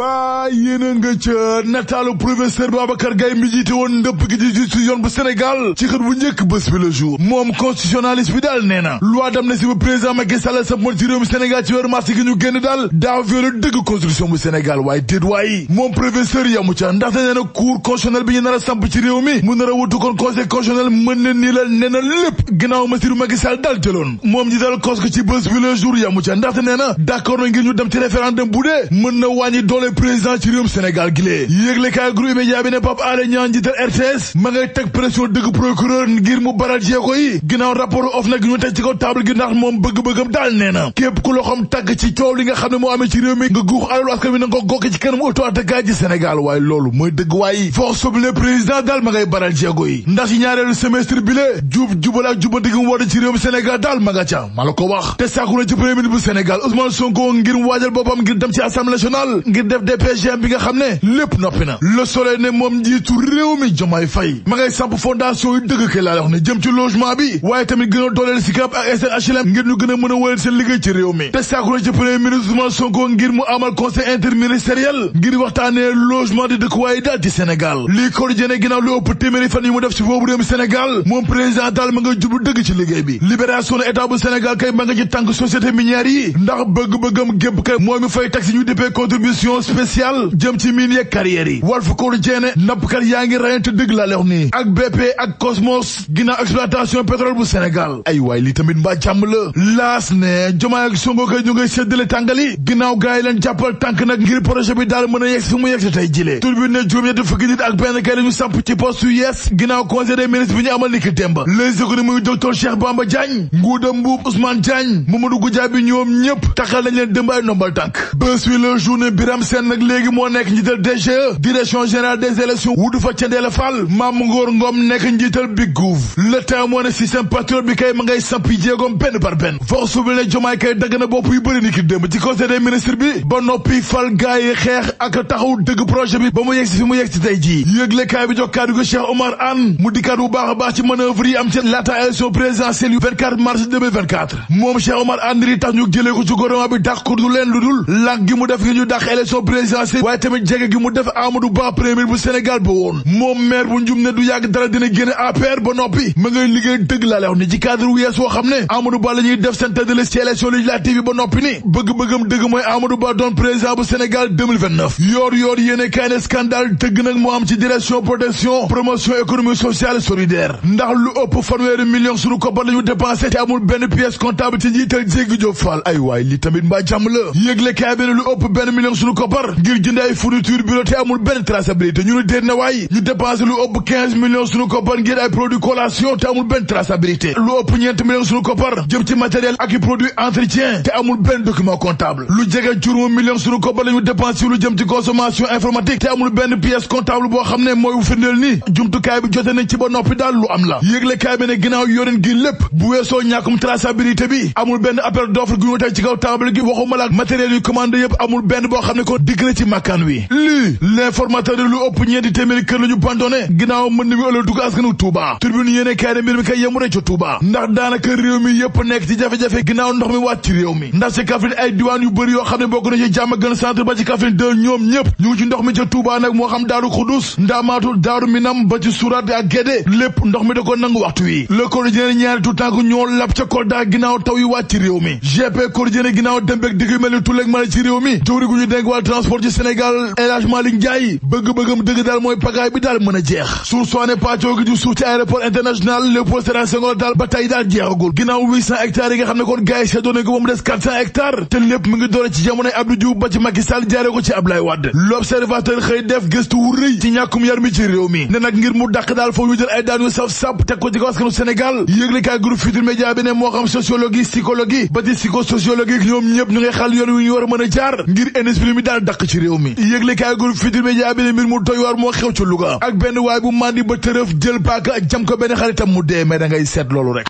ba yéena nga ca nataalu professeur Babacar Gaye mi jiite woon ndëpp gi di constitution bu Sénégal ci xët bu njëkk bés bi moom constitutionnaliste bi daal nee na loi d'amnistie bu président Macky Sall sa moon ci réewum Sénégal ci weeru mars gi ñu génn daal daa violé dëgg constitution bu Sénégal waaye déet waaye moom professeur yamu ca ndax nee na cour bi ñu nar a samp ci réew mi mu nar a wutu kon conseil constitutionnel mën na nii la nee na lépp doole président ci réewum Sénégal gi lee yéeglekaay groupe média bi ne Pape Alé Niang njiital RTS ma ngay teg pression dëgg procureur ngir mu baral jéego yi ginnaaw rapport OFNAC gi ñu teg ci kaw table gi ndax moom bëgg-bëggam daal nee na képp ku loxoom tàgg ci coow li nga xam ne moo amee ci réew mi nga guux alalu askan wi na ko gokke ci kanam auto attaquant ji Sénégal waaye loolu mooy dëgg waaye foo soble président daal ma bi lée jub jubal ak jubanti gi mu woote ci ma nga ca ma la ko wax te sàkku chef de bi nga xam ne lépp noppi na le soleil ne moom njiitu réew mi jomaay fay ma ngay samp fondation yu dëgg ke laa wax ne jëm ci logement bi waaye tamit gën a dooleel SICAP ak SNHLM ngir ñu gën a mën a wëyal seen liggéey ci réew mi te sàkku na ci premier ministre Sonko ngir mu amal conseil interministériel ngir waxtaanee logement di dëkkuwaay daal ci Sénégal lii ko jëne ginnaaw lu ëpp téeméeri fan yi mu def ci boobu réew mi Sénégal moom nga jublu dëgg ci liggéey bi libération ne état bu Sénégal kay ma yi ndax bëgg-bëggam gépp kay mooy mi fay taxi ñu dépee contribution édition spéciale jëm ci mine yeeg carrières yi Walf Quotidien ne nappkat yaa ngi rayante dëgg la nii ak BP ak Cosmos ginnaaw exploitation pétrole bu Sénégal ay waay li tamit mbaa jàmm la laas ne Jomaay ak Sonko kay ñu ngay séddale tàngali ginnaaw gaa yi leen jàppal tànk nag ngir projet bi daal mën a yegg si mu yegg si tey jile tur bi ne juróom-ñetti fukki nit ak benn kay la ñu samp ci poste yu yees ginnaaw conseil des ministres bi ñu amal niki démb les économies docteur Cheikh Bamba Diagne Ngouda Mboup Ousmane Diagne Mamadou Goudiaby ñoom ñëpp taxal nañ leen démb ay nombal tànk bés wi la Sène nag léegi moo nekk njiital DGE direction générale des élections wudu fa candeela fàll Mame Ngor Ngom nekk njiital Big Gouv le temps moo système patriote bi kay ma ngay sampi jéegoom benn par benn vox bi ne jomaay kay dagg na bopp yu bëri ni ki démb ci conseil des ministres bi ba noppi fal gaay xeex ak taxaw dëgg projet bi ba mu yegg si fi mu yegg si tey jii yëgle kaay bi jox kaddu ko Cheikh Omar Anne mu dikkaat bu baax a baax ci manœuvre yi bi dàq lu dul mu def gi ñu élection présidentielle waaye tamit jege gi mu def Amadou Ba premier bu Sénégal ba woon moom maire bu njum ne du yàgg dara dina génn APR ba noppi ma ngay liggéey dëgg laa ni ci cadre wu yees woo ne Amadou Ba la def seen de liste ci élection législative yi ba noppi ni bëgg-bëggam dëgg mooy Amadou Ba doon président bu Sénégal 2029 yoor yéene kaay ne scandale dëgg nag moo ci direction protection promotion économique sociale solidaire ndax lu ëpp fanweeri million sunu koppar koppar ngir jënd ay fourniture bureau te amul benn traçabilité ñu ne déet na waay ñu dépensé lu ëpp 15 millions suñu koppar ngir ay produit collation te amul benn traçabilité lu ëpp ñeent millions suñu koppar jëm ci matériel ak i produit entretien te amul benn document comptable lu jege juróomi millions suñu koppar la ñu dépensé lu jëm ci consommation informatique te amul benn pièce comptable boo xam ne mooy firndeel ni jumtukaay bi jote nañ ci ba noppi digg na ci màkkaan wi lii l'informateur de lu ëpp ñeenti téeméeri kër la ñu bandone ginnaaw mën na mi ëllëg dugg askanu Touba tribune yéene kaay de mbir mi kay yemu ci Touba ndax daanaka réew mi yëpp nekk ci jafe-jafe ginnaaw ndox mi wàcc ci réew mi ndax ci Kaffrine ay diwaan yu bëri yoo xam ne bokk na ci jàmm gën centre ba ci Kaffrine de ñoom ñëpp ñu ngi ci ndox mi ca Touba nag moo xam daaru xudus ndaamaatul daaru ba ci surat ak gédé lépp ndox mi da ko nangu waxtu wi le quotidien ñaari tout temps ñoo lab ca taw yu wàcc ci réew mi gp quotidien ginnaaw dem bek digg mel ni tuleeg mala ci réew mi jëwri gu transport ci Sénégal El Hadj Malick Ndiaye bëgg-bëggam dëgg daal mooy pagaay bi daal mën a jeex suuf soine pàccoo gi di suuf ci aéroport international Léopold Sédar Senghor ba tey daal jeexagul ginnaaw 800 hectares yi nga xam ne kon gars yi seddoo nañ ko des 400 te lépp mu ngi doore ci jamonoy Abdou Diouf ba ci Macky Sall jaaree ko ci Ablaye Wade l'observateur xëy def gëstu wu rëy ci ñàkkum yar mi ci réew mi ngir mu dàq daal foofu ñu jël ay daan yu saf sàpp teg ko ci kaw ñu a daq ci réew mi yëglekaay groupe Futurs Médias bi ne mbir mu doy waar moo xew ci Louga ak benn waay bu mandi ba tërëf jël paaka jam ko benn xaritam mu dee mais da ngay seet loolu rek